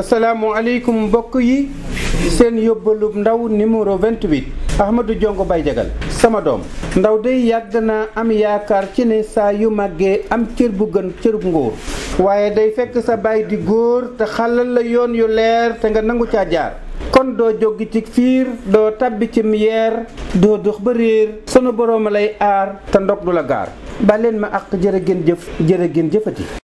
asalaamualeykum mbokk yi seen yóbbalub ndaw numéro 28 Ahmadou Diongo Baye Diagal sama doom ndaw day yàgg naa am yaakaar ci ne saa yu màggee am cër bu gën cërub nguur waaye day fekk sa baay di góor te xalal la yoon yu leer te nga nangu ca jaar kon doo jóggi ci fiir doo tabbi ci miyeer doo dox ba réer sunu borooma lay aar te ndog du la gaar ba ma àq jërë géen jëf jërë géen jëfati